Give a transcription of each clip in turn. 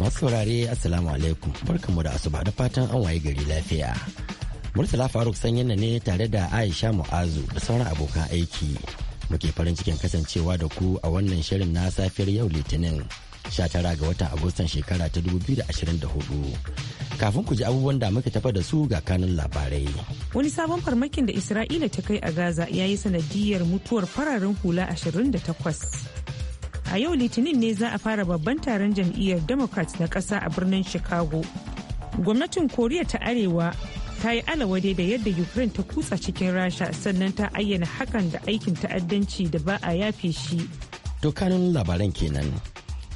Masu saurare Assalamu alaikum barkanmu da asuba da fatan an waye gari lafiya. Murtala Faruk sanyin ne tare da Aisha Mu'azu da sauran abokan aiki. Muke farin cikin kasancewa da ku a wannan shirin na safiyar yau Litinin 19 ga watan Agustan shekara ta 2024. kafin ku ji abubuwan da muka tafa da su ga kanun labarai. Wani sabon farmakin da Isra'ila ta kai a Gaza ya yi sanadiyar mutuwar fararen hula 28. a yau litinin ne za a fara babban taron jam'iyyar democrats na ƙasa a birnin chicago gwamnatin koriya ta arewa ta yi alawade da yadda ukraine ta kutsa cikin rasha sannan ta ayyana hakan da aikin ta'addanci da ba a yafe shi to kanun labaran kenan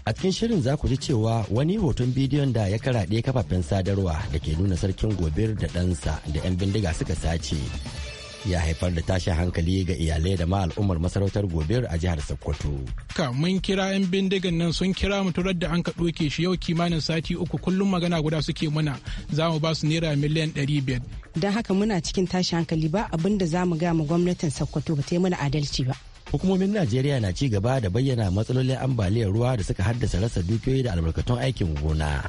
a cikin shirin za ku ji cewa wani hoton bidiyon da ya karaɗe kafafen sadarwa da ke nuna sarkin gobir da ɗansa da 'yan bindiga suka sace ya haifar da tashin hankali ga iyalai da ma al'ummar masarautar gobe a jihar sokoto kamun kira 'yan bindigan nan sun kira mu da an ka ɗoke shi yau kimanin sati uku kullum magana guda suke mana za mu ba su naira miliyan 500 don haka muna cikin tashin hankali ba abin da za mu ga mu gwamnatin sokoto ba ta yi mana adalci ba hukumomin najeriya na ci gaba da bayyana matsalolin ambaliyar ruwa da suka haddasa rasa dukiyoyi da albarkatun aikin gona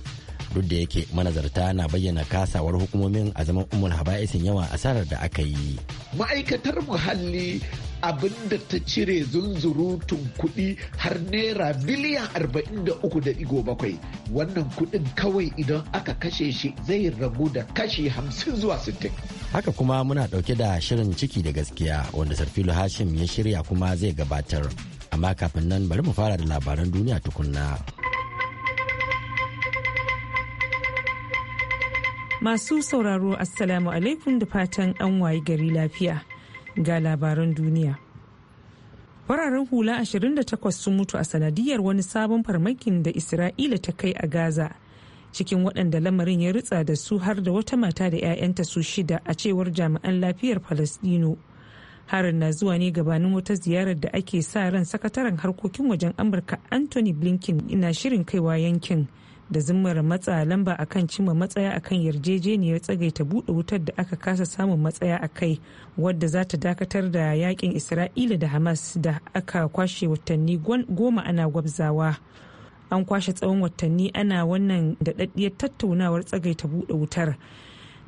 duk da yake manazarta na bayyana kasawar hukumomin a zaman umar haba'isin yawa asarar da aka yi ma'aikatar muhalli abin da ta cire zunzurutun kuɗi har naira biliyan 43.7 wannan kuɗin kawai idan aka kashe shi zai ragu da kashi 50 zuwa 60 haka kuma muna ɗauke da shirin ciki da gaskiya wanda sarfilu hashim ya shirya kuma zai gabatar amma kafin nan bari mu fara da labaran duniya tukunna Masu sauraro Assalamu alaikum da fatan an wayi gari lafiya ga labaran duniya. Fararen hula 28 sun mutu a sanadiyar wani sabon farmakin da Isra'ila ta kai a Gaza. Cikin waɗanda lamarin ya ritsa da su har da wata mata da 'ya'yanta su shida a cewar jami'an lafiyar Falasdino. harin na zuwa ne gabanin wata ziyarar da ake sa ran sakataren harkokin wajen amurka anthony blinken ina shirin kaiwa yankin da zimmar matsa lamba akan cimma matsaya a kan yarjejeniyar tsagaita buɗe wutar da aka kasa samun matsaya a kai wadda za ta dakatar da yakin isra'ila da hamas da aka kwashe watanni goma ana gwabzawa an kwashe tsawon watanni ana wannan daɗaɗɗiyar tattaunawar tsagaita buɗe wutar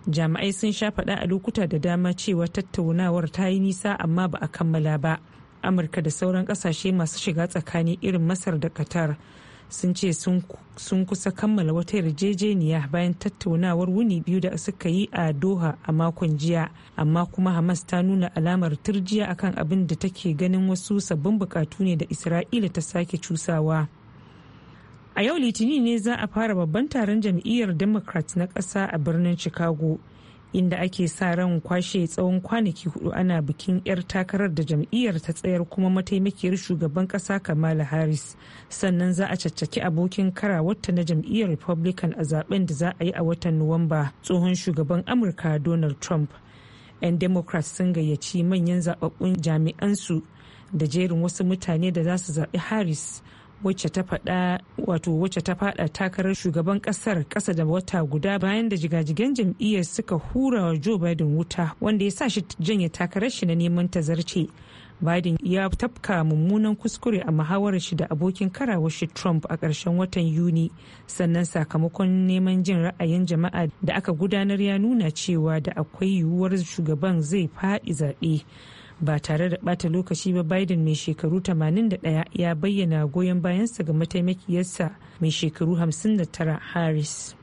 jami'ai sun sha faɗa a lokuta da dama cewa tattaunawar ta yi nisa amma ba a kammala ba amurka da sauran ƙasashe masu shiga tsakani irin masar da qatar sun ce sun kusa kammala wata yarjejeniya bayan tattaunawar wuni biyu da suka yi a doha a makon jiya amma kuma hamas ta nuna alamar turjiya akan abin da take ganin wasu sabbin bukatu ne da isra'ila ta sake cusawa a yau litinin ne za a fara babban taron jam'iyyar democrat na ƙasa a birnin chicago inda ake sa ran kwashe tsawon kwanaki hudu ana bikin 'yar takarar da jam'iyyar ta tsayar kuma mataimakiyar shugaban kasa kamala harris sannan za a caccaki abokin kara wata na jam'iyyar republican a zaben da za a yi a watan nuwamba tsohon shugaban amurka donald trump 'yan democrats sun gayyaci manyan zababbun jami'ansu da jerin wasu mutane da za su zaɓi harris wacce ta faɗa ta faɗa takarar shugaban ƙasar ƙasa da wata guda bayan da jigajigen jam'iyyar suka hura wa Joe Biden wuta wanda ya sa shi janye takarar shi na neman tazarce. Biden ya tafka mummunan kuskure a muhawarar shi da abokin karawar shi Trump a ƙarshen watan Yuni sannan sakamakon neman jin ra'ayin jama'a da aka gudanar ya nuna cewa da akwai yiwuwar shugaban zai faɗi zaɓe. ba tare da bata lokaci ba biden mai shekaru 81 ya bayyana goyon bayansa ga mataimakiyarsa mai shekaru 59 harris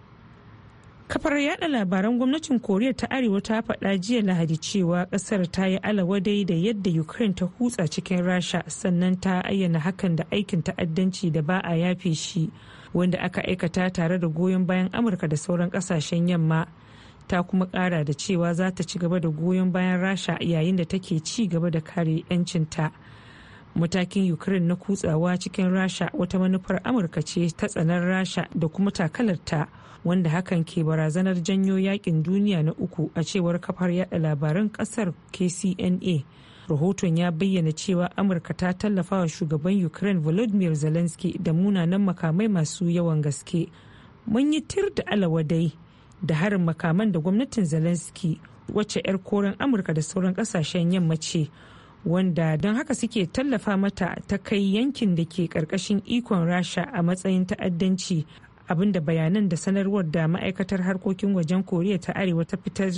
kafar yada labaran gwamnatin koriya ta arewa ta faɗa jiya lahadi cewa ƙasar ta yi dai da yadda ukraine ta hutsa cikin rasha sannan ta ayyana hakan da aikin ta'addanci da ba a yafe shi wanda aka aikata tare da goyon bayan amurka da sauran ƙasashen yamma ta kuma kara da cewa za ta ci gaba da goyon bayan rasha yayin da take ci gaba da kare 'yancinta matakin ukraine na kutsawa cikin rasha wata manufar amurka ce ta tsanar rasha da kuma takalarta wanda hakan ke barazanar janyo yakin duniya na uku a cewar kafar yada labaran kasar kcna rahoton ya bayyana cewa amurka ta tallafa wa shugaban ukraine volodymyr zelensky da munanan makamai masu yawan gaske mun yi tir da alawadai da harin makaman da gwamnatin zelensky wacce 'yar koren amurka da sauran kasashen yamma ce wanda don haka suke tallafa mata ta kai yankin da ke karkashin ikon rasha a matsayin ta'addanci abinda bayanan da sanarwar da ma'aikatar harkokin wajen koriya ta arewa ta fitar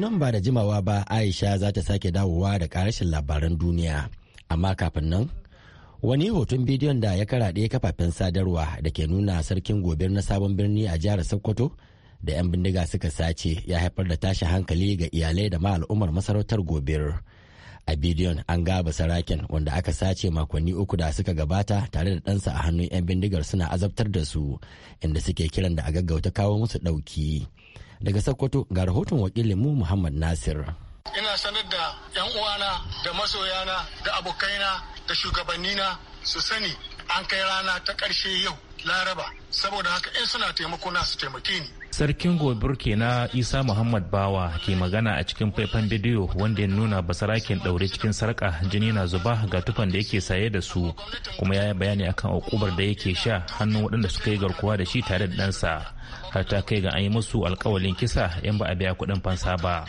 nan ba da jimawa ba aisha za ta sake dawowa da karashin labaran duniya amma kafin nan wani hoton bidiyon da ya karaɗe kafafen sadarwa da ke nuna sarkin gobir na sabon birni a jihar sokoto da 'yan bindiga suka sace ya haifar da tashin hankali ga iyalai da ma al'ummar masarautar gobir a bidiyon an gaba saraken wanda aka sace makonni uku da suka gabata tare da ɗansa a hannun 'yan bindigar suna azabtar da su inda suke kiran da a gaggauta kawo musu ɗauki daga sokoto ga rahoton wakilin mu muhammad nasir ina sanar da 'yan uwana da masoyana da abokaina da shugabanni na su sani an kai rana ta ƙarshe yau laraba saboda haka in suna taimako na su taimake ni sarkin gobir na isa muhammad bawa ke magana a cikin faifan bidiyo wanda ya nuna basaraken daure cikin sarka jini na zuba ga tufan da yake saye da su kuma ya yi bayani akan ukubar da yake sha hannun waɗanda suka yi garkuwa da shi tare da ɗansa har ta kai ga an yi musu alkawalin kisa yan ba a biya kuɗin fansa ba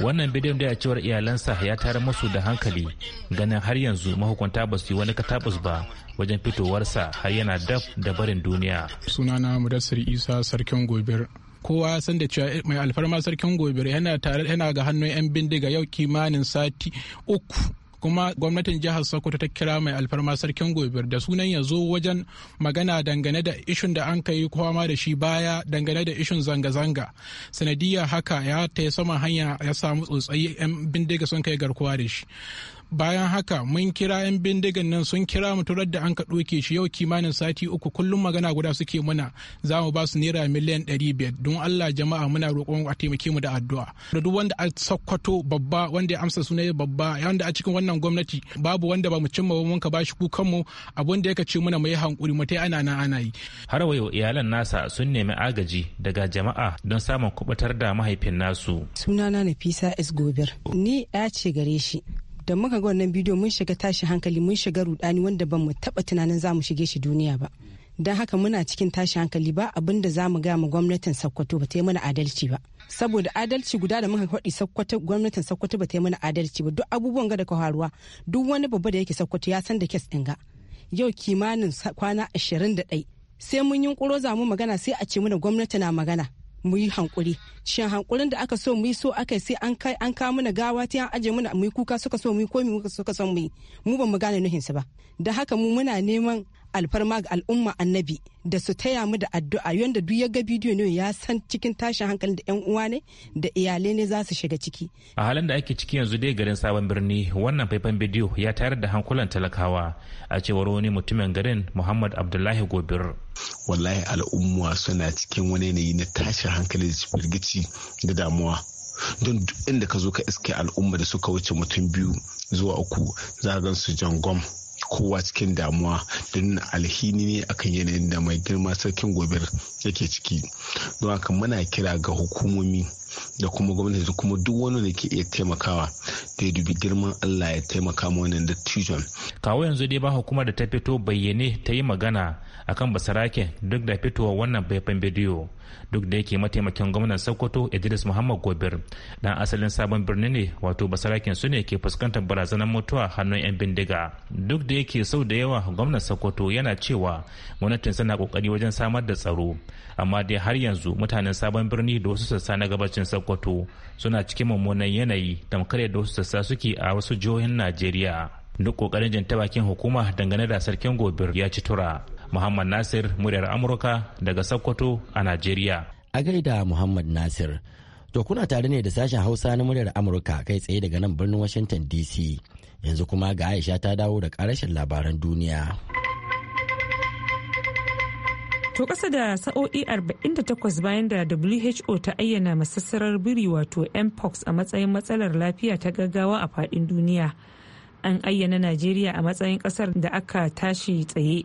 wannan bidiyon da a cewar iyalansa ya tare musu da hankali ganin har yanzu mahukunta ba su yi wani katabus ba wajen fitowarsa har yana daf da barin duniya sunana mudassir isa sarkin gobir kowa ya san da cewa mai alfarma sarkin gobe yana tare yana ga hannun yan bindiga yau kimanin sati uku kuma gwamnatin jihar sokoto ta kira mai alfarma sarkin gobe da sunan ya zo wajen magana dangane da ishun da an ka yi kwama da shi baya dangane da ishun zanga-zanga sanadiyar haka ya ta saman hanya ya samu tsotsayi 'yan bindiga sun kai garkuwa da shi bayan haka mun kira 'yan bindigan nan sun kira mu turar da an ka ɗoke shi yau kimanin sati uku kullum magana guda suke muna za mu ba su naira miliyan ɗari biyar don allah jama'a muna roƙon a taimake mu da addu'a da duk wanda a sakkwato babba wanda ya amsa suna babba wanda a cikin wannan gwamnati babu wanda ba mu cimma ba mun ka bashi kukan mu abun da ya ka ce muna mu yi hankuri mu ta ana nan ana yi har wayo iyalan nasa sun nemi agaji daga jama'a don samun kubutar da mahaifin nasu sunana nafisa is gobir ni ya ce gare shi da muka ga wannan bidiyo mun shiga tashi hankali mun shiga rudani wanda ban mu taba tunanin za mu shige shi duniya ba don haka muna cikin tashi hankali ba abin da za mu ga mu gwamnatin sokoto ba ta yi mana adalci ba saboda adalci guda da muka faɗi sokoto gwamnatin sokoto ba ta yi mana adalci ba duk abubuwan ga da ka faruwa duk wani babba da yake sokoto ya san da kes ɗin ga yau kimanin kwana ashirin da ɗai sai mun yi ƙuro za mu magana sai a ce mana gwamnati na magana mu yi hankuri shin hankurin da aka so mu yi so aka sai an kai an kawo mana gawa ta aje mana mu yi kuka suka so mu yi komi muka suka so mu yi mu ba mu gane nuhin su ba da haka mu muna neman alfarma ga al'umma annabi da su taya mu da addu'a yadda duk ya ga bidiyo ne ya san cikin tashin hankali da 'yan uwa ne da iyalai ne za su shiga ciki. A halin da ake ciki yanzu dai garin sabon birni wannan faifan bidiyo ya tayar da hankulan talakawa a cewar wani mutumin garin Muhammad Abdullahi Gobir. Wallahi al'umma suna cikin wani yanayi na tashin hankali da firgici da damuwa. don duk inda ka zo ka iske al'umma da suka wuce mutum biyu zuwa uku za su gwam kowa cikin damuwa don alhini ne akan yanayin da mai girma sarkin gobir yake ciki don haka muna kira ga hukumomi da kuma gwamnati da kuma duk wani da ke iya taimakawa da ya dubi girman Allah ya taimaka ma wannan dattijon. Kawo yanzu dai ba hukumar da ta fito bayyane ta yi magana akan basarake duk da fitowar wannan faifan bidiyo. duk da yake mataimakin gwamnan sokoto idris muhammad gobir dan asalin sabon birni ne wato basarakin su ne ke fuskantar barazanar mutuwa hannun yan bindiga duk da yake sau da yawa gwamnan sokoto yana cewa gwamnatin suna kokari wajen samar da tsaro amma dai har yanzu mutanen sabon birni da wasu sassa na gabacin sokoto suna cikin mummunan yanayi tamkar da wasu sassa suke a wasu jihohin najeriya duk kokarin jin bakin hukuma dangane da sarkin gobir ya ci tura Muhammad Nasir muryar Amurka daga Sokoto a Najeriya. A gaida Muhammad Nasir. To kuna tare ne da sashen Hausa na muryar Amurka kai tsaye daga nan birnin Washington DC. Yanzu kuma ga Aisha ta dawo da karashin labaran duniya. To ƙasa da sa'o'i 48 bayan da WHO ta ayyana masassarar biri wato mpox a matsayin matsalar lafiya ta gaggawa a faɗin duniya. An ayyana Najeriya a matsayin ƙasar da aka tashi tsaye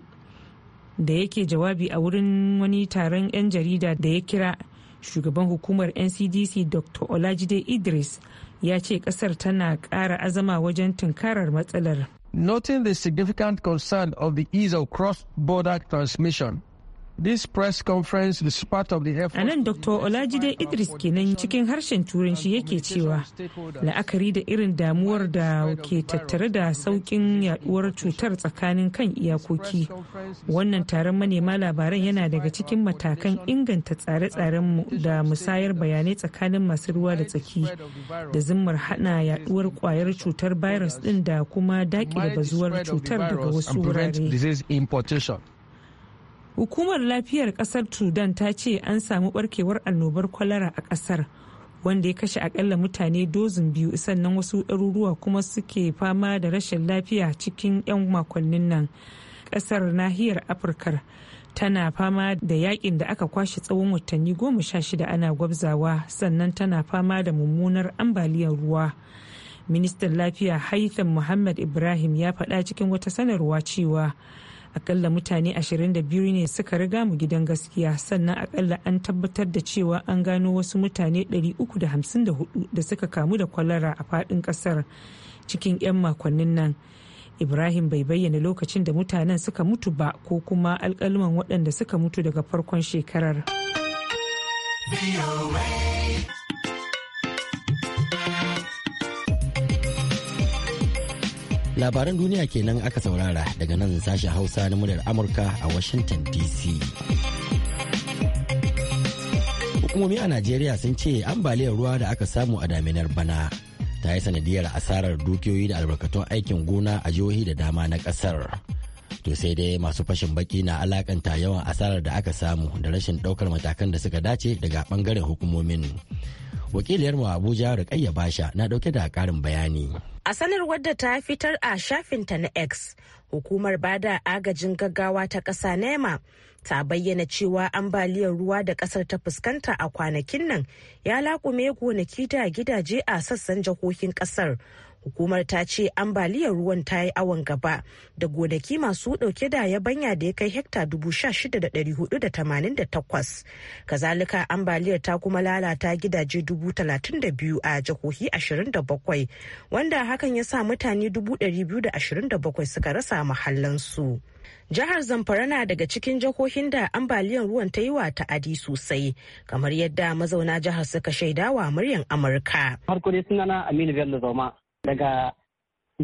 da yake jawabi a wurin wani taron 'yan jarida da ya kira shugaban hukumar ncdc dr olajide idris ya ce kasar tana ƙara azama wajen tunkarar matsalar noting the significant concern of the ease of cross-border transmission This press conference is part of the A nan Dr. Olajide Idris kenan cikin harshen turanci yake cewa la'akari da irin damuwar da ke tattare da saukin yaduwar cutar tsakanin kan iyakoki. Wannan taron manema labaran yana daga cikin matakan inganta tsare-tsaren da musayar bayanai tsakanin masu ruwa da tsaki da zimmar hana yaduwar kwayar cutar virus din da kuma daƙile bazuwar cutar daga wasu wurare. hukumar lafiyar kasar sudan ta ce an samu barkewar annobar kwalara a kasar wanda ya kashe akalla mutane dozin biyu sannan wasu ɗaruruwa kuma suke fama da rashin lafiya cikin 'yan makonnin nan kasar nahiyar afirka tana fama da yakin da aka kwashe tsawon watanni goma sha shida ana gwabzawa sannan tana fama da mummunar ambaliyar ruwa ministan lafiya haitham muhammad ibrahim ya faɗa cikin wata sanarwa cewa akalla mutane 22 ne suka riga mu gidan gaskiya sannan akalla an tabbatar da cewa an gano wasu mutane 354 da suka kamu da kwalara a fadin kasar cikin 'yan makonnin nan ibrahim bai bayyana lokacin da mutanen suka mutu ba ko kuma alkalman waɗanda suka mutu daga farkon shekarar. labaran duniya kenan aka saurara daga nan sashen hausa na muryar amurka a washington dc hukumomi a najeriya sun ce ambaliyar ruwa da aka samu a daminar bana ta yi sanadiyar asarar dukiyoyi da albarkatun aikin gona a jihohi da dama na kasar to sai dai masu fashin baki na alakanta yawan asarar da aka samu da rashin daukar matakan da suka dace daga bangaren hukumomin wakiliyar mu abuja da basha na dauke da karin bayani A sanarwar da ta fitar a shafinta na X, hukumar bada agajin gaggawa ta ƙasa nema ta bayyana cewa ambaliyar ruwa da ƙasar ta fuskanta a kwanakin nan ya laƙume gonaki da gidaje a sassan jihohin ƙasar hukumar ta ce ambaliyar ruwan ta yi awon gaba da gonaki masu dauke da yabanya da ya kai hekta takwas kazalika ambaliyar ta kuma lalata gidaje 32,000 a jihohi 27 wanda hakan ya sa mutane 227 suka rasa mahallansu. Jihar Zamfara na daga cikin jihohin da ambaliyar ruwan ta yi wa ta'adi sosai, kamar yadda mazauna jihar suka shaidawa muryan Amurka. Farko sunana Aminu Bello Zauma, daga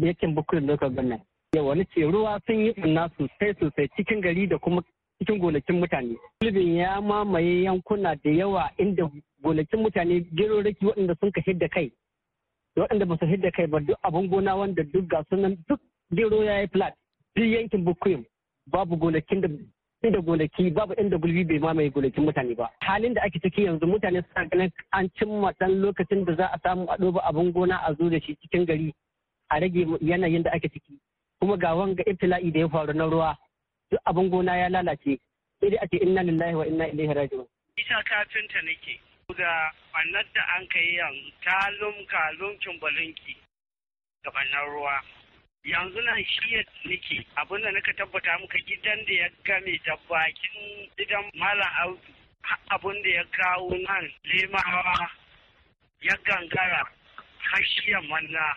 yakin bukuri local government yawa wani ce ruwa sun yi ɓanna sosai sosai cikin gari da kuma cikin gonakin mutane gulbin ya mamaye yankuna da yawa inda gonakin mutane geroraki waɗanda sun ka hidda kai da waɗanda ba su hidda kai ba duk abin gona wanda duk ga sunan duk gero ya yi flat duk yankin bukuyin babu gonakin da inda gonaki babu inda gulbi bai mamaye gonakin mutane ba halin da ake ciki yanzu mutane suna ganin an cimma dan lokacin da za a samu a ɗoba abin gona a zo da shi cikin gari a rage yanayin da ake ciki kuma ga wanga iftila'i da ya faru na ruwa duk abin gona ya lalace sai dai a ce inna lillahi wa inna ilaihi raji'un isa kafinta nake ga annar da an kai yan talum kalum cumbalinki ga ruwa yanzu nan shi ya nake abin da naka tabbata muka gidan da ya game da bakin gidan malam audu abin da ya kawo nan lemawa ya gangara har manna.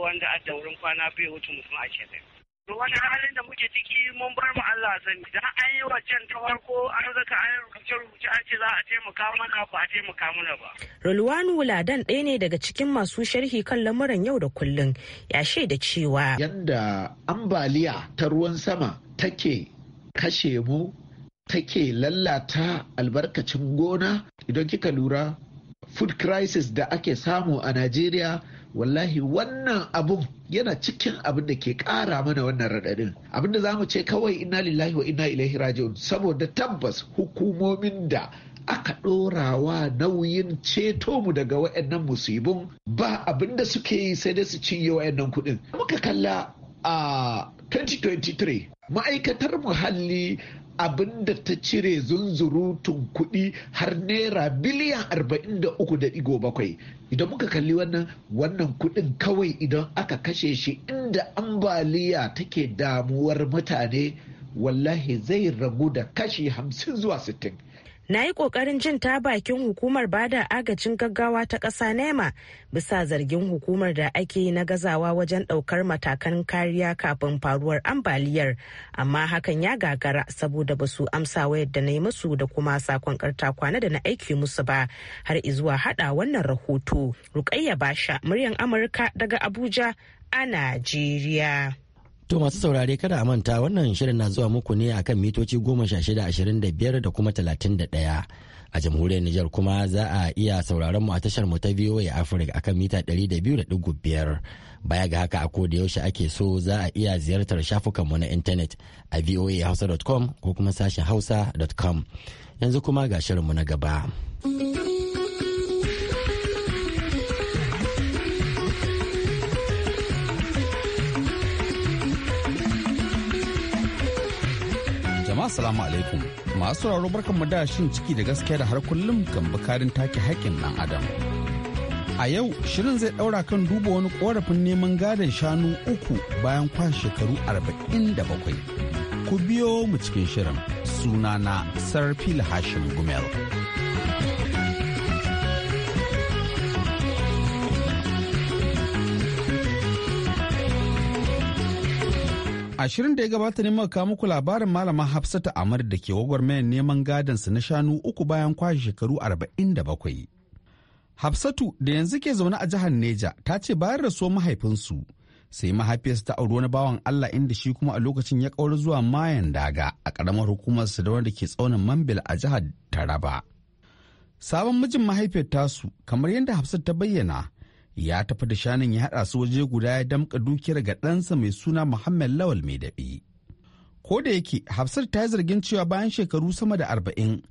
wanda a daurin kwana bai wuce mutum a kenan to wani halin da muke ciki mun bar mu Allah sani da an yi wajen ta farko an zaka an rubuce rubuce an ce za a taimaka mana ba a taimaka mana ba. Rulwanu Wuladan ɗaya ne daga cikin masu sharhi kan lamuran yau da kullun ya da cewa. Yadda ambaliya ta ruwan sama take kashe mu take lallata albarkacin gona idan kika lura food crisis da ake samu a Najeriya wallahi wannan abun yana cikin abin da ke kara mana wannan raɗaɗin abin da za mu ce kawai inna lillahi wa inna ilaihi raji'un saboda tabbas hukumomin da aka ɗorawa nauyin ceto mu daga wayannan musibun. ba abin da suke yi sai dai su cinye wayannan kuɗin muka kalla a 2023 ma'aikatar muhalli Abinda ta cire zunzurutun kuɗi har naira biliyan 43.7 idan muka kalli wannan wannan kuɗin kawai idan aka kashe shi inda ambaliya take damuwar mutane wallahi zai ragu da kashi 50 zuwa 60 na yi ƙoƙarin jin ta bakin hukumar bada agajin gaggawa ta ƙasa nema bisa zargin hukumar da ake na gazawa wajen ɗaukar matakan kariya kafin faruwar ambaliyar amma hakan ya gagara saboda ba su amsa wayar da na yi musu da kuma sakon karta kwana da na aiki musu ba har izuwa haɗa wannan rahoto rukayya basha muryan amurka daga abuja a najeriya To masu saurare kada a manta wannan shirin na zuwa muku ne akan mitoci goma sha shida ashirin da biyar da kuma talatin da ɗaya. A jamhuriyar Nijar kuma za a iya sauraron mu a tashar mu ta VOA Africa akan mita ɗari da biyu da ɗigo biyar. Baya ga haka a da yaushe ake so za a iya ziyartar shafukan mu na intanet a voahausa.com ko kuma sashen hausa.com. Yanzu kuma ga shirin mu na gaba. jama'a salamu alaikum masu sauraro barkan mu da shin ciki da gaskiya da har kullum kan bukarin take haƙƙin ɗan adam a yau shirin zai ɗaura kan duba wani ƙorafin neman gadon shanu uku bayan kwashe shekaru arba'in da bakwai ku biyo mu cikin shirin sunana sarfil hashim gumel ashirin da ya gabata ne muka muku labarin malama hafsata amar da ke gwagwarmayar neman gadansa na shanu uku bayan kwashe shekaru arba'in da bakwai. hafsatu da yanzu ke zaune a jihar neja ta ce bayan rasuwar mahaifinsu sai mahaifiyarsa ta auri wani bawan allah inda shi kuma a lokacin ya kauri zuwa mayan daga a karamar hukumar su da ke tsaunin mambil a jihar taraba sabon mijin mahaifiyar tasu kamar yadda hafsatu ta bayyana ya tafi da shanun ya haɗa su waje guda ya damƙa dukiyar ga ɗansa mai suna Muhammad Lawal mai daɓi. Ko da yake Hafsat ta yi zargin cewa bayan shekaru sama da arba'in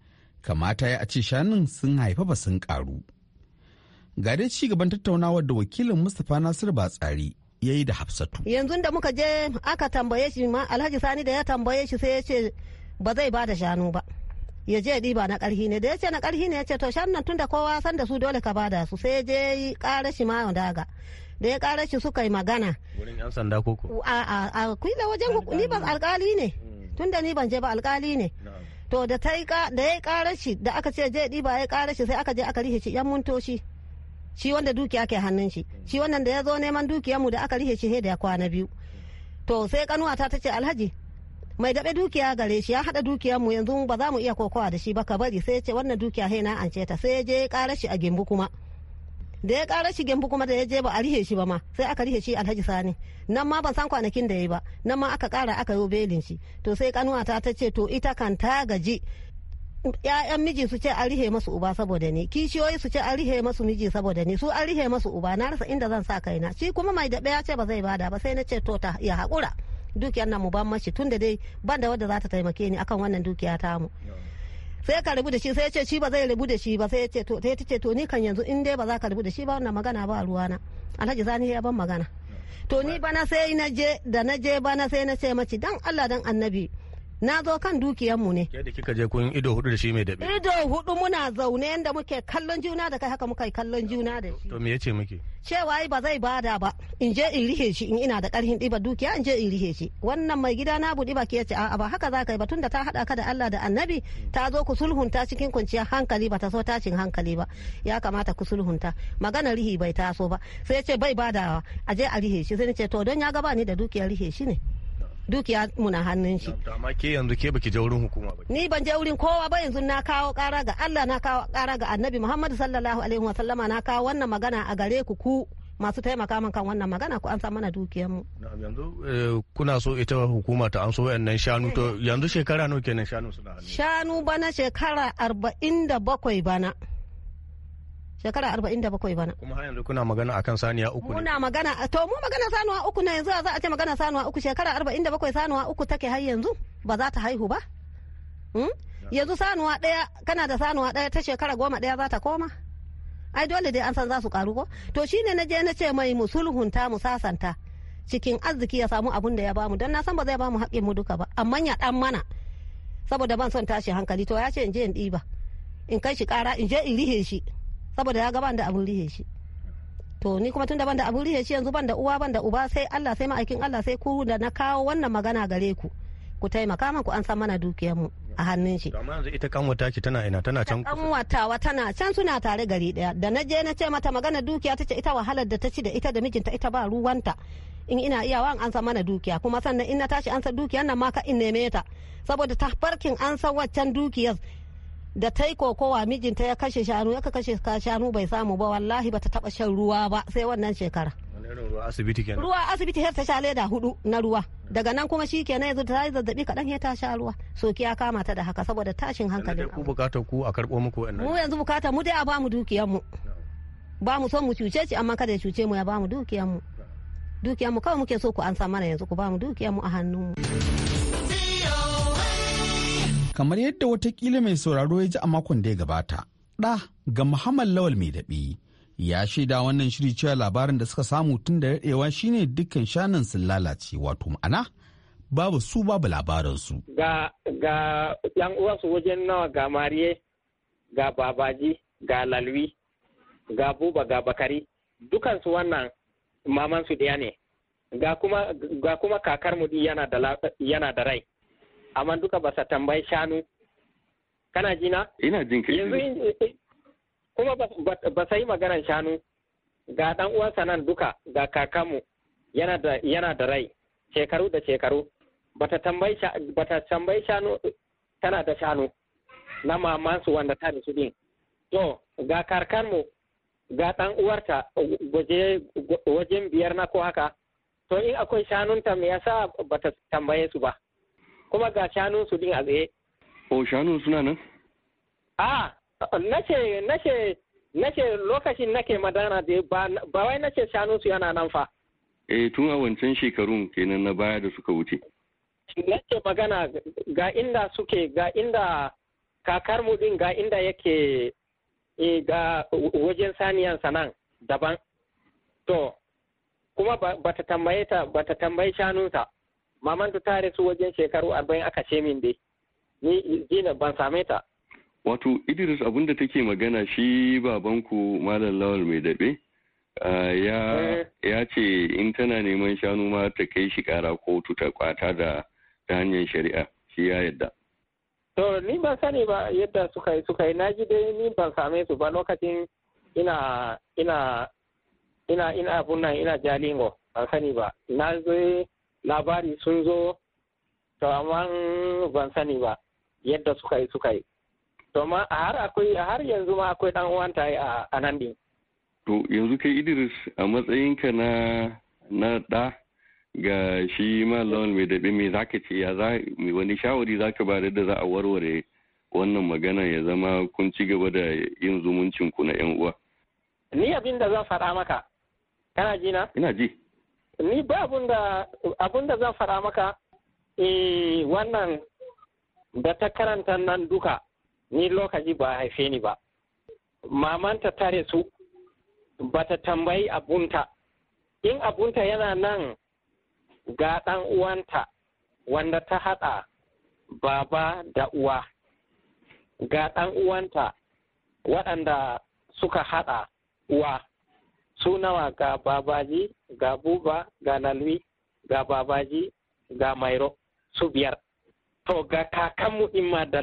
kamata ya a ce shanun sun haifa ba sun ƙaru. Ga dai ci gaban tattaunawar da wakilin Mustapha Nasiru Batsari ya yi da Hafsatu. Yanzu da muka je aka tambaye shi ma Alhaji Sani da ya tambaye shi sai ya ce ba zai ba da shanu ba. ya je ɗiba na ƙarhi ne da ya ce na ƙarhi ne ya ce to shan nan tunda kowa san da su dole ka bada su sai je ƙara shi ma daga da ya ƙara shi suka yi magana. Wurin 'yan sanda koko? A a a kwila wajen ni ban alƙali ne mm. tunda ni ban je ba alƙali ne. To da ta da ya ƙara shi da aka ce je ɗiba ya ƙara shi sai aka je aka rihe shi 'yan muntoshi. Shi wanda dukiya ke hannun shi. Shi wannan da ya zo neman dukiyarmu da aka rihe shi he da ya kwana biyu. To sai ta ta ce alhaji mai daɓe dukiya gare shi ya haɗa dukiyar mu yanzu ba za mu iya kokowa da shi ba ka bari sai ce wannan dukiya he na ance ta sai ya je ƙara shi a gembu kuma da ya ƙara shi gembu kuma da ya je ba a rihe shi ba ma sai aka rihe shi alhaji sani nan ma ban san kwanakin da ya yi ba nan ma aka ƙara aka yi belin shi to sai kanuwata ta ce to ita kan ta gaji ‘ya'yan miji su ce an rihe masu uba saboda ni kishiyoyi su ce an rihe masu miji saboda ni su an rihe masu uba na rasa inda zan sa kaina shi kuma mai daɓe ya ce ba zai bada ba sai na ce to ta ya haƙura dukiyar nan mu ban mashi tunda dai ban da wadda za ta taimake ni akan wannan dukiya ta mu sai ka rubu da shi sai ce shi ba zai rubu da shi ba sai ce to sai ta ce to ni kan yanzu in dai ba za ka rubu da shi ba wannan magana ba ruwana alhaji zani ya ban magana to ni bana sai na je da na je bana sai na ce mace dan Allah dan annabi na zo kan dukiyanmu ne. Ke da kika je kun ido hudu da shi mai dabe. Ido hudu muna zaune yadda muke kallon juna da kai haka muka yi kallon juna da shi. To me yace muke? Cewa ba zai bada ba in je in rihe shi in ina da karhin ɗiba dukiya in je in rihe shi. Wannan mai gida na buɗi baki ce a'a ba haka za ka yi ba tunda ta haɗa ka da Allah da Annabi ta zo ku sulhunta cikin kwanciyar hankali ba ta so tashin hankali ba ya kamata ku sulhunta magana rihi bai taso ba sai ya ce bai badawa a je a rihe shi sai ce to don ya gaba ni da dukiyar rihe shi ne. dukiya muna hannun shi amma ke yanzu ke baki je wurin hukuma ba ni ban je wurin kowa ba yanzu na kawo kara ga Allah na kawo kara ga Annabi Muhammad sallallahu alaihi wa sallama na kawo wannan magana a gare ku ku masu taimaka min kan wannan magana ku an san mana dukiyar mu yanzu eh, kuna so ita hukuma ta an so wayannan shanu to yanzu shekara nawa kenan shanu suna hannu shanu bana shekara 47 bana shekara arba'in da bakwai bana. Kuma yanzu kuna magana akan saniya uku ne. Muna magana to mu magana sanuwa uku na yanzu za a ce magana sanuwa uku shekara arba'in da bakwai sanuwa uku take har yanzu ba za ta haihu ba. Hmm? Yanzu sanuwa ɗaya kana da sanuwa ɗaya ta shekara goma ɗaya za ta koma. Ai dole dai an san za su karu ko. To shine na je na ce mai mu sulhunta mu sasanta cikin arziki ya samu abun da ya bamu don na san ba zai bamu haƙƙin mu duka ba amma ya ɗan mana saboda ban son tashi hankali to ya ce in je in ɗiba in kai shi ƙara in je in rihe shi. saboda ya ga ban da abun rihe shi to ni kuma tunda ban da abun rihe shi yanzu ban da uwa ban da uba sai Allah sai ma'aikin Allah sai ku da na kawo wannan magana gare ku ku taimaka min ku an san mana dukiyar mu a hannun shi amma yanzu ita kanwata ki tana ina tana can wa tana can suna tare gari daya da na je na ce mata magana dukiya tace ita wahalar da ta ci da ita da mijinta ita ba ruwanta in ina iyawa an san mana dukiya kuma sannan in na tashi an san dukiyar nan ma ka in neme ta saboda tafarkin an san waccan dukiyar da ta yi kokowa mijinta ya kashe shanu ya kashe shanu bai samu ba wallahi ta taba shan ruwa ba sai wannan shekara ruwa asibiti ta sha leda hudu na ruwa daga nan kuma shi na yanzu ta yi zazzabi kaɗan ya ta sha ruwa soki ya kama ta da haka saboda tashin hankalin ku bukatar ku a karɓo muku wannan mu yanzu bukatar mu dai a bamu dukiyar mu ba mu son mu cuce ci amma kada ya cuce mu ya bamu dukiyar mu dukiyar mu kawai muke so ku an sa mana yanzu ku bamu dukiyar mu a hannun mu kamar yadda watakila mai sauraro ya ji a makon da ya gabata ɗa ga muhammad lawal mai daɓi ya shaida wannan shiri cewa labarin da suka samu tun da daɗewa shine dukkan shanan sun lalace wato ma'ana babu su babu labaransu. Ga ga yan uwansu wajen nawa ga Mariye, ga Babaji, ga Lalwi, ga Buba, ga Bakari, dukansu wannan mamansu ɗaya ne. Ga kuma ga kuma kakar mu yana da rai. amma duka ba sa tambayi shanu kana ji na ina jin kai yanzu kuma ba sai maganar shanu ga dan uwansa nan duka ga kakanmu yana da yana da rai shekaru da shekaru bata tambayi bata tambayi shanu tana da shanu na mamansu wanda ta da su din to ga karkarmu ga ɗan uwarta wajen biyar na ko haka to in akwai shanunta me yasa bata tambaye su ba kuma ga shanun su din a tsaye o shanun suna nan a nace nace nace lokacin nake madana da ba wai nace shanun su yana nan fa eh tun a wancan shekarun kenan na baya da suka wuce nace magana ga inda suke ga inda kakar mu din ga inda yake eh, ga wajen saniyan sanan daban to kuma ba ta tambaye ta ba ta shanunsa maman ta rasu wajen shekaru arba'in aka ce min dai ni jina ban same ta wato idris abin da take magana shi babanku malam lawal mai daɓe eh. ya ce in tana neman shanu ma ta kai shi kara kotu ta kwata da ta hanyar shari'a shi ya yadda to ni ban sani ba yadda suka yi suka yi na ji dai ni ban same su ba lokacin ina ina ina ina abun nan ina jalingo ban sani ba na zai labari sun zo to amma ban sani ba yadda suka yi suka yi to ma har akwai har yanzu ma akwai dan uwan ta a nan din to yanzu kai Idris a matsayinka na na da ga shi malam mai dabe me zaka ce ya za wani shawari zaka ba da za a warware wannan magana ya zama kun ci gaba da yin zumuncin ku na yan uwa ni abin da zan faɗa maka kana ji na ina ji ni ba abun da zan fara maka eh wannan da ta karanta nan duka ni lokaci ba haife ni ba mamanta tare su ba ta tambayi abunta in abunta yana nan ga ɗan uwanta wanda ta haɗa baba da uwa ga ɗan uwanta waɗanda suka haɗa uwa su nawa ga babaji ga buba ga nalwi ga babaji ga mairo su biyar to ga kakanmu in ma da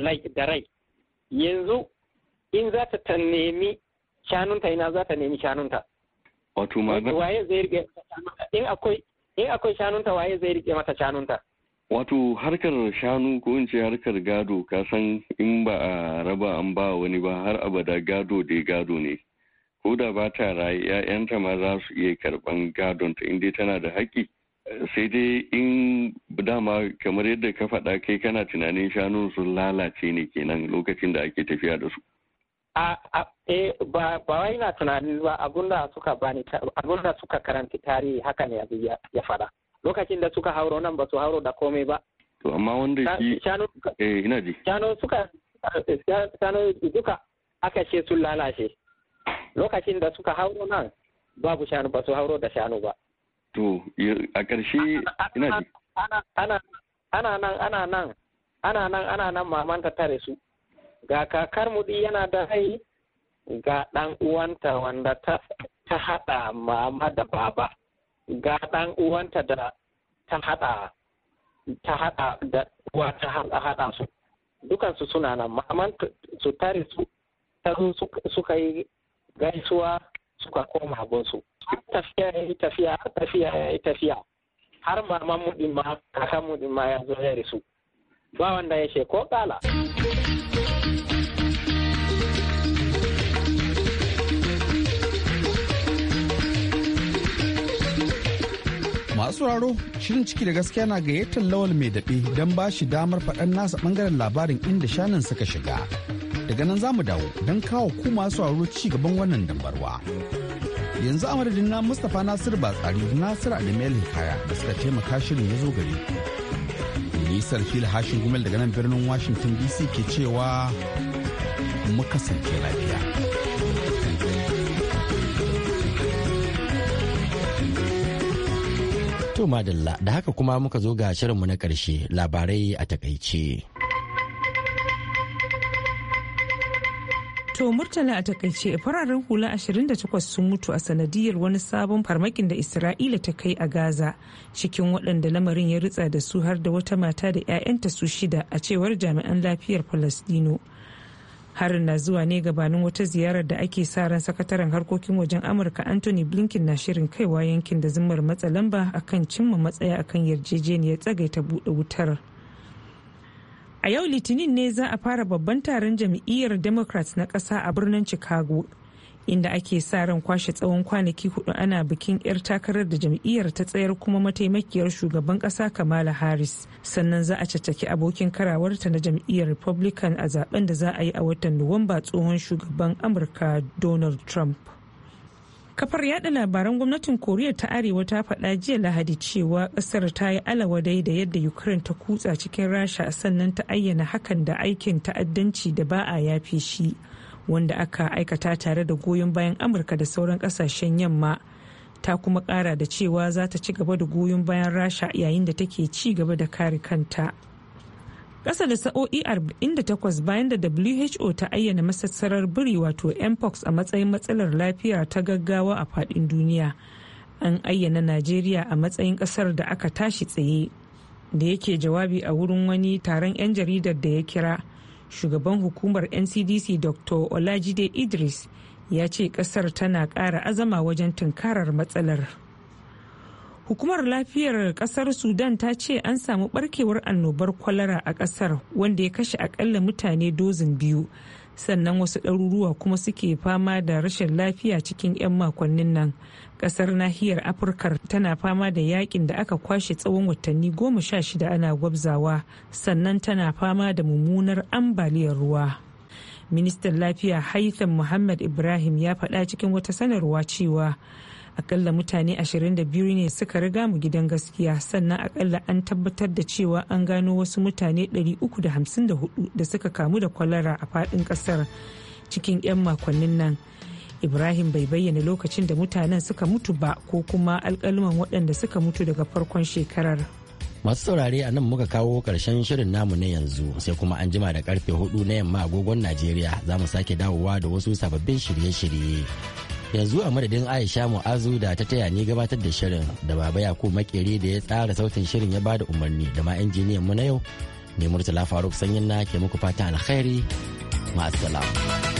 rai yanzu in za ta nemi shanunta ina za ta nemi shanunta wato magana waye zai rike in akwai in akwai shanunta waye zai rike mata shanunta wato harkar shanu ko in ce harkar gado ka san in ba a raba an ba wani ba har abada gado dai gado ne ko da ba ta raye 'ya'yanta ma za su iya karɓan gadon ta inda tana da haƙƙi sai dai in dama kamar yadda ka faɗa kai kana tunanin shanu sun lalace ne kenan lokacin da ake tafiya da su A eh, ba ba wai na tunanin ba abunda suka bani abunda suka karanta tarihi haka ne abu ya faɗa lokacin da suka hauro nan ba su hauro da komai ba to amma wanda shi eh ina ji shanu suka eh, shanu duka aka ce sun lalace lokacin da suka hauro nan babu shanu ba su hauro da shanu ba to a ƙarshe ina ji ana nan ana nan ana nan ana nan maman ta tare su ga kakar mudi yana da rai ga ɗan uwanta wanda ta ta haɗa mama da baba ga ɗan uwanta da ta haɗa ta haɗa da uwa ta haɗa su dukansu suna nan maman su tare su ta zo suka yi gaisuwa suka koma gunsu har tafiya ya yi tafiya har tafiya ya yi tafiya har maman ma kakan ma ya zo ya risu ba wanda ya ko kala masu wuraro shirin ciki da gaskiya na gayyatar lawal mai daɗe don ba shi damar faɗan nasa ɓangaren labarin inda shanun suka shiga daga nan za mu dawo don kawo ku masu sauraro ci gaban wannan dambarwa yanzu a na mustapha nasir batsari nasir adamu kaya da suka taimaka shirin ya zo gari nisar fil hashin gumel daga nan birnin washington dc ke cewa mu kasance lafiya to da haka kuma muka zo ga shirinmu na karshe labarai a takaice. To Murtala a takaice fararen hula 28 sun mutu a sanadiyar wani sabon farmakin da Isra'ila ta kai a Gaza cikin waɗanda lamarin ya ritsa da su har da wata mata da 'ya'yanta su shida a cewar jami'an lafiyar Falasdino. Harin na zuwa ne gabanin wata ziyarar da ake sa ran sakataren harkokin wajen Amurka Anthony Blinken na shirin kaiwa yankin da zimmar matsa lamba akan cimma matsaya akan yarjejeniyar tsagaita buɗe wutar. A yau Litinin ne za a fara babban taron jam'iyyar Democrats na ƙasa a birnin Chicago, inda ake sa ran kwashe tsawon kwanaki hudu ana bikin 'yar takarar da jam'iyyar ta tsayar kuma mataimakiyar shugaban ƙasa Kamala Harris. Sannan za a caccaki abokin karawarta na jam'iyyar Republican a zaben da za a yi a watan Nuwamba tsohon shugaban Amurka Donald Trump. kafar yaɗa labaran gwamnatin koriya ta arewa ta faɗa jiya lahadi cewa ƙasar ta yi alawadai da yadda ukraine ta kutsa cikin rasha sannan ta ayyana hakan da aikin ta'addanci da ba a yafe shi wanda aka aikata tare da goyon bayan amurka da sauran ƙasashen yamma ta kuma ƙara da cewa za ta ci gaba da goyon bayan rasha yayin da take ci gaba da kare kanta. ƙasa da sa'o'i 48 bayan da who ta ayyana masassarar biri wato mpox a matsayin matsalar lafiya ta gaggawa a fadin duniya an ayyana najeriya a matsayin ƙasar da aka tashi tsaye da yake jawabi a wurin wani taron 'yan jaridar da ya kira shugaban hukumar ncdc dr olajide idris ya ce ƙasar tana ƙara azama wajen tunkarar matsalar. Hukumar lafiyar kasar Sudan ta ce an samu barkewar annobar kwalara a kasar wanda ya kashe akalla mutane dozin biyu. Sannan wasu ɗaruruwa kuma suke fama da rashin lafiya cikin 'yan makonnin nan. Kasar nahiyar Afirka tana fama da yakin da aka kwashe tsawon watanni goma sha shida ana gwabzawa sannan tana fama da mummunar ambaliyar ruwa. Ministan lafiya Haitham Muhammad Ibrahim ya faɗa cikin wata sanarwa cewa akalla mutane 22 ne suka riga mu gidan gaskiya sannan akalla an tabbatar da cewa an gano wasu mutane 354 da suka kamu da kwalara a faɗin ƙasar cikin 'yan makonnin nan ibrahim bai bayyana lokacin da mutanen suka mutu ba ko kuma alkaluman waɗanda suka mutu daga farkon shekarar masu saurare a nan muka kawo karshen shirin namu na yanzu sai kuma an jima da karfe hudu na yamma agogon najeriya za mu sake dawowa da wasu sababbin shirye-shirye yanzu a madadin aisha mu'azu da ta taya ni gabatar da shirin da baba yakub makeri da ya tsara sautin shirin ya bada umarni da ma injiniyan mu na yau ne murtala faruk sanyin na ke muku fata alkhairi ma'asalam.